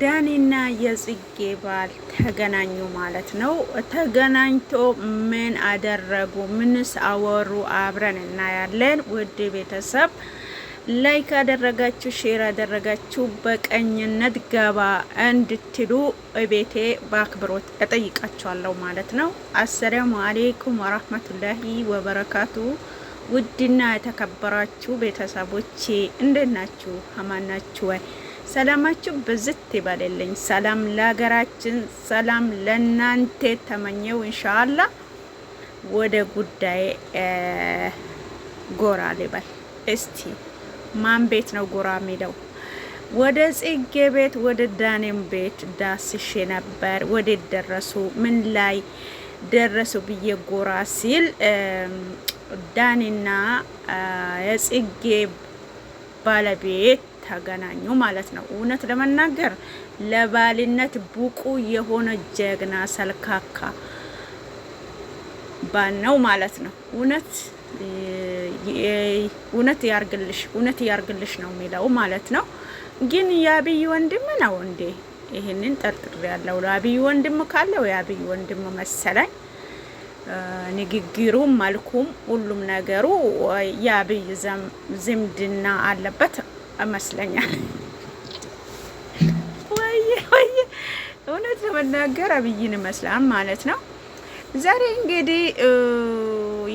ዳኒና የጽጌ ባል ተገናኙ ማለት ነው። ተገናኝቶ ምን አደረጉ? ምንስ አወሩ? አብረን እናያለን። ውድ ቤተሰብ ላይክ አደረጋችሁ፣ ሼር ያደረጋችሁ በቀኝነት ገባ እንድትሉ እቤቴ በአክብሮት እጠይቃችኋለሁ ማለት ነው። አሰላሙ አሌይኩም ወራህመቱላሂ ወበረካቱ። ውድና የተከበራችሁ ቤተሰቦቼ እንዴት ናችሁ? አማን ናችሁ ወይ? ሰላማችሁ ብዝት ይባልልኝ። ሰላም ለሀገራችን፣ ሰላም ለእናንተ ተመኘው። ኢንሻአላ ወደ ጉዳይ ጎራ ልበል እስቲ። ማን ቤት ነው ጎራ የሚለው? ወደ ጽጌ ቤት ወደ ዳኔም ቤት ዳስሼ ነበር። ወደ ደረሱ ምን ላይ ደረሱ ብዬ ጎራ ሲል ዳኒና የጽጌ ባለቤት ተገናኙ ማለት ነው። እውነት ለመናገር ለባልነት ብቁ የሆነ ጀግና ሰልካካ ባል ነው ማለት ነው። እውነት እውነት ያርግልሽ፣ እውነት ያርግልሽ ነው የሚለው ማለት ነው። ግን የአብይ ወንድም ነው እንዴ? ይህንን ጠርጥር ያለው ለአብይ ወንድም ካለው የአብይ ወንድም መሰለኝ። ንግግሩም መልኩም ሁሉም ነገሩ የአብይ ዝምድና አለበት ይመስለኛል። ወይ ወይ እውነት ለመናገር አብይን ይመስላል ማለት ነው። ዛሬ እንግዲህ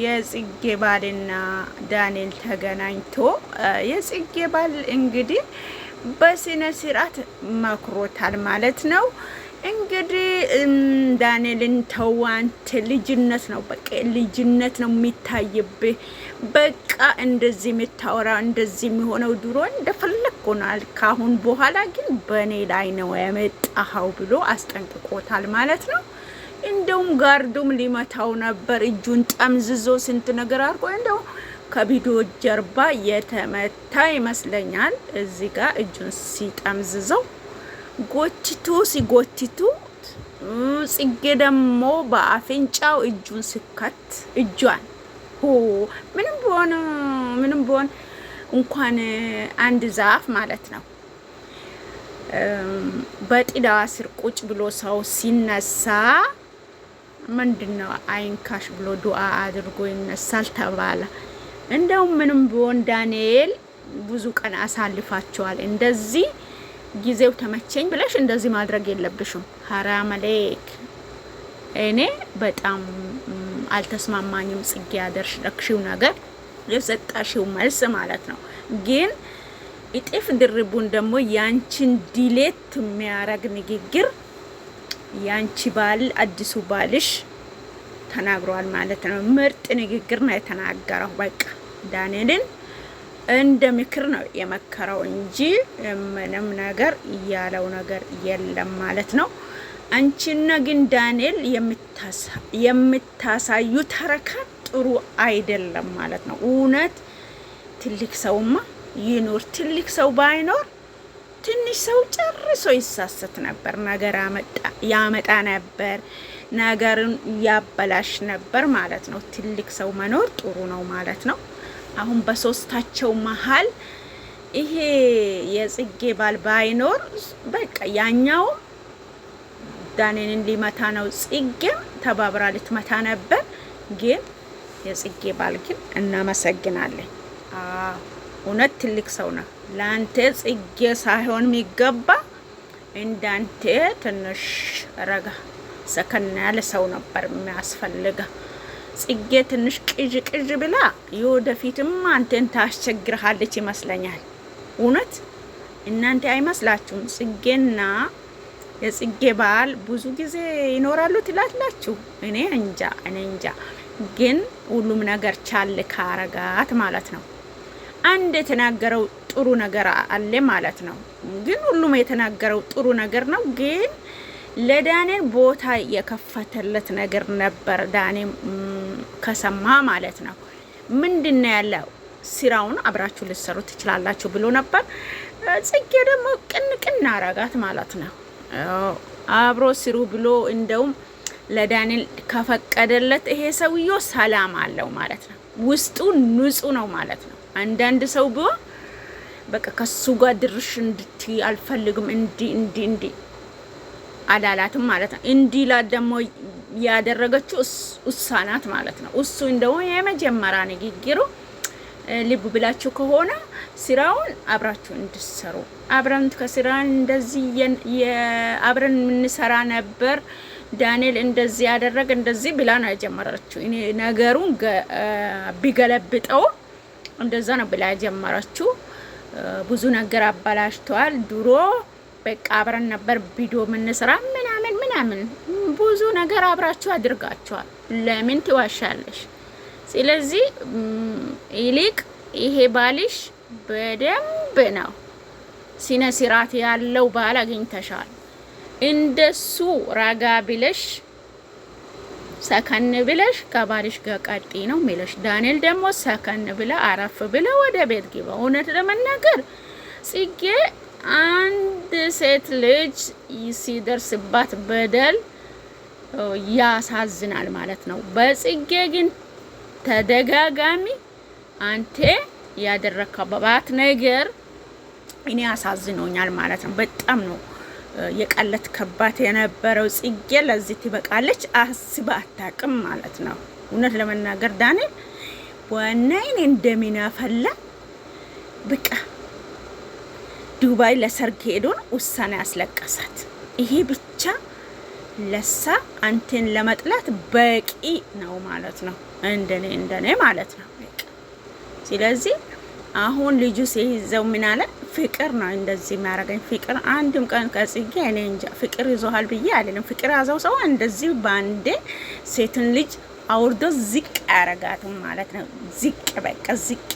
የጽጌ ባልና ዳንኤል ተገናኝቶ የጽጌ ባል እንግዲህ በስነ ስርዓት መክሮታል ማለት ነው። እንግዲህ ዳንኤልን ተዋንት ልጅነት ነው፣ በቃ ልጅነት ነው የሚታይብህ በቃ እንደዚህ የምታወራ እንደዚህ የሚሆነው ድሮ እንደፈለግ ካሁን በኋላ ግን በእኔ ላይ ነው የመጣኸው ብሎ አስጠንቅቆታል ማለት ነው። እንደውም ጋርዱም ሊመታው ነበር እጁን ጠምዝዞ ስንት ነገር አድርጎ እንደው ከቪዲዮ ጀርባ የተመታ ይመስለኛል። እዚህ ጋር እጁን ሲጠምዝዘው ጎትቱ ሲጎትቱ ጽጌ ደግሞ በአፍንጫው እጁን ስከት እጇን ሆ ምንም ቢሆን ምንም ቢሆን እንኳን አንድ ዛፍ ማለት ነው በጥላ ስር ቁጭ ብሎ ሰው ሲነሳ ምንድነው አይንካሽ ብሎ ዱዓ አድርጎ ይነሳል ተባለ። እንደውም ምንም ቢሆን ዳንኤል ብዙ ቀን አሳልፋቸዋል። እንደዚህ ጊዜው ተመቸኝ ብለሽ እንደዚህ ማድረግ የለብሽም። ሀራ መሌክ እኔ በጣም አልተስማማኝም። ጽጌ ያደረግሽው ነገር የሰጣሽው መልስ ማለት ነው ግን እጥፍ ድርቡን ደግሞ ያንቺን ዲሌት የሚያረግ ንግግር ያንቺ ባል አዲሱ ባልሽ ተናግሯል ማለት ነው። ምርጥ ንግግር ነው የተናገረው። በቃ ዳንኤልን እንደ ምክር ነው የመከረው እንጂ ምንም ነገር እያለው ነገር የለም ማለት ነው። አንቺና ግን ዳንኤል የምታሳዩ ተረካ ጥሩ አይደለም ማለት ነው። እውነት ትልቅ ሰውማ ይኖር ትልቅ ሰው ባይኖር ትንሽ ሰው ጨርሶ ይሳሰት ነበር። ነገር ያመጣ ነበር፣ ነገርን ያበላሽ ነበር ማለት ነው። ትልቅ ሰው መኖር ጥሩ ነው ማለት ነው። አሁን በሶስታቸው መሀል ይሄ የጽጌ ባል ባይኖር በቃ ያኛውም ዳኔንን ሊመታ ነው። ጽጌም ተባብራ ልትመታ ነበር፣ ግን የጽጌ ባል ግን እናመሰግናለን። እውነት ትልቅ ሰው ነው። ለአንተ ጽጌ ሳይሆን የሚገባ እንዳንተ ትንሽ ረጋ ሰከን ያለ ሰው ነበር የሚያስፈልገ። ጽጌ ትንሽ ቅዥ ቅዥ ብላ የወደፊትም አንተን ታስቸግርሃለች ይመስለኛል። እውነት እናንተ አይመስላችሁም ጽጌና የጽጌ በዓል ብዙ ጊዜ ይኖራሉ ትላላችሁ? እኔ እንጃ እኔ እንጃ። ግን ሁሉም ነገር ቻል ካረጋት ማለት ነው። አንድ የተናገረው ጥሩ ነገር አለ ማለት ነው። ግን ሁሉም የተናገረው ጥሩ ነገር ነው። ግን ለዳኔን ቦታ የከፈተለት ነገር ነበር። ዳኔ ከሰማ ማለት ነው ምንድነው ያለው ስራውን አብራችሁ ልትሰሩ ትችላላችሁ ብሎ ነበር። ጽጌ ደግሞ ቅንቅን አረጋት ማለት ነው። አብሮ ስሩ ብሎ እንደውም ለዳንኤል ከፈቀደለት ይሄ ሰውዬ ሰላም አለው ማለት ነው። ውስጡ ንጹህ ነው ማለት ነው። አንዳንድ ሰው ብሎ በቃ ከሱ ጋር ድርሽ እንድት አልፈልግም እንዲ እንዲ እንዲ አላላትም ማለት ነው። እንዲ ደግሞ ያደረገችው እሷ ናት ማለት ነው። እሱ እንደው የመጀመሪያ ንግግሩ ልብ ብላችሁ ከሆነ ስራውን አብራችሁ እንድትሰሩ አብረን ከስራ እንደዚህ አብረን የምንሰራ ነበር። ዳንኤል እንደዚህ ያደረግ እንደዚህ ብላ ነው የጀመረችው። እኔ ነገሩን ቢገለብጠው እንደዛ ነው ብላ የጀመረችው። ብዙ ነገር አባላሽተዋል። ድሮ በቃ አብረን ነበር ቪዲዮ የምንሰራ ምናምን ምናምን ብዙ ነገር አብራችሁ አድርጋችኋል። ለምን ትዋሻለሽ? ስለዚህ ይልቅ ይሄ ባልሽ በደንብ ነው ሲነ ሲራት ያለው ባል አግኝተሻል። እንደሱ ረጋ ብለሽ ሰከን ብለሽ ከባልሽ ጋር ቀጢ ነው የሚለሽ። ዳንኤል ደግሞ ሰከን ብለ አረፍ ብለ ወደ ቤት ግባ። እውነት ለመናገር ጽጌ አንድ ሴት ልጅ ሲደርስባት በደል ያሳዝናል ማለት ነው። በጽጌ ግን ተደጋጋሚ አንቴ ያደረከባት ነገር እኔ አሳዝኖኛል ማለት ነው። በጣም ነው የቀለት ከባት የነበረው ጽጌ ለዚህ ትበቃለች አስባ አታቅም ማለት ነው። እውነት ለመናገር ዳንኤል ዋናይን እንደሚናፈላ በቃ ዱባይ ለሰርግ ሄዶን ውሳኔ ያስለቀሳት ይሄ ብቻ ለሳ አንቴን ለመጥላት በቂ ነው ማለት ነው። እንደኔ እንደኔ ማለት ነው። ስለዚህ አሁን ልጁ ሲይዘው ምን አለ? ፍቅር ነው እንደዚህ የሚያደርገኝ ፍቅር። አንድም ቀን ከጽጌ እኔ እንጃ ፍቅር ይዞሃል ብዬ አይደለም። ፍቅር ያዘው ሰው እንደዚህ በአንዴ ሴትን ልጅ አውርዶ ዝቅ ያረጋትም ማለት ነው። ዝቅ በቃ ዝቅ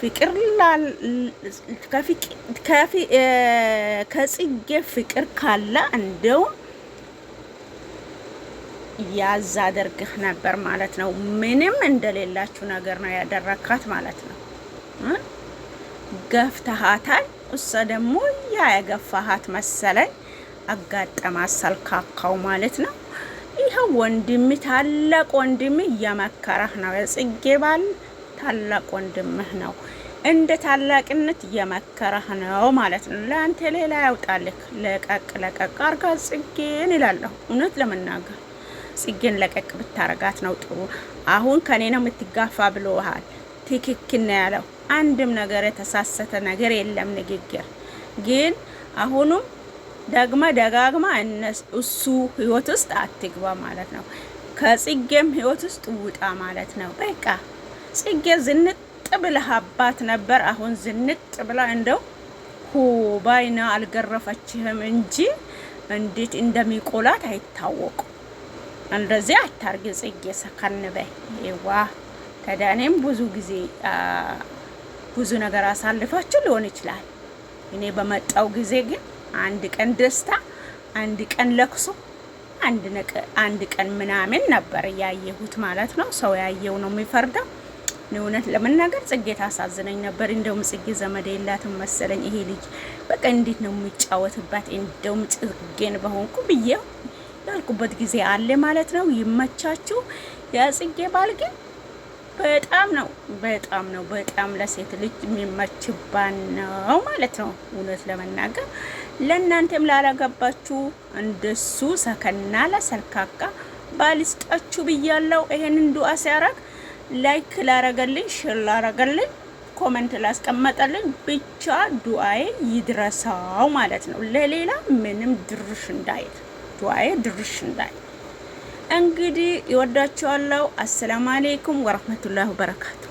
ፍቅር ከጽጌ ፍቅር ካለ እንደውም ያዝ አደርግህ ነበር ማለት ነው። ምንም እንደሌላችሁ ነገር ነው ያደረካት ማለት ነው። ገፍተሃታል። እሷ ደግሞ ያ የገፋሃት መሰለኝ አጋጠማ ሰልካካው ማለት ነው። ይኸው ወንድም ታላቅ ወንድም እየመከረህ ነው። የጽጌ ባል ታላቅ ወንድምህ ነው። እንደ ታላቅነት እየመከረህ ነው ማለት ነው። ለአንተ ሌላ ያውጣልክ። ለቀቅ ለቀቅ አርጋ ጽጌን ይላለሁ እውነት ለመናገር ጽጌን ለቀቅ ብታረጋት ነው ጥሩ። አሁን ከኔ ነው የምትጋፋ ብሎሃል። ትክክል ነው ያለው። አንድም ነገር የተሳሰተ ነገር የለም ንግግር ግን አሁኑም ደግመ ደጋግማ እሱ ህይወት ውስጥ አትግባ ማለት ነው። ከጽጌም ህይወት ውስጥ ውጣ ማለት ነው። በቃ ጽጌ ዝንጥ ብለህ አባት ነበር። አሁን ዝንጥ ብላ እንደው ሁ ባይና አልገረፈችህም እንጂ እንዴት እንደሚቆላት አይታወቁ እንደዚህ አታርግ ጽጌ፣ ሰከን በይ ይዋ ከዳኔም ብዙ ጊዜ ብዙ ነገር አሳልፋችሁ ሊሆን ይችላል። እኔ በመጣው ጊዜ ግን አንድ ቀን ደስታ፣ አንድ ቀን ለቅሶ፣ አንድ ቀን ምናምን ነበር ያየሁት ማለት ነው። ሰው ያየው ነው የሚፈርደው። እውነት ለመናገር ጽጌ ታሳዝነኝ ነበር። እንደውም ጽጌ ዘመድ የላትም መሰለኝ ይሄ ልጅ በቃ እንዴት ነው የሚጫወትባት? እንደውም ጽጌን በሆንኩ ብዬው ያልኩበት ጊዜ አለ ማለት ነው። ይመቻችሁ። የጽጌ ባል ግን በጣም ነው በጣም ነው በጣም ለሴት ልጅ የሚመችባን ነው ማለት ነው። እውነት ለመናገር ለእናንተም ላላገባችሁ እንደሱ ሰከና ለሰልካካ ባልስጣችሁ ብያለው። ይሄንን ዱአ ሲያረግ ላይክ ላረገልኝ፣ ሽር ላረገልኝ፣ ኮመንት ላስቀመጠልኝ ብቻ ዱአዬ ይድረሳው ማለት ነው። ለሌላ ምንም ድርሽ እንዳይል ፎቶዬ ድርሽ እንዳይ። እንግዲህ ይወዳችኋለሁ። አሰላሙ አሌይኩም ወረህመቱላሂ ወበረካቱ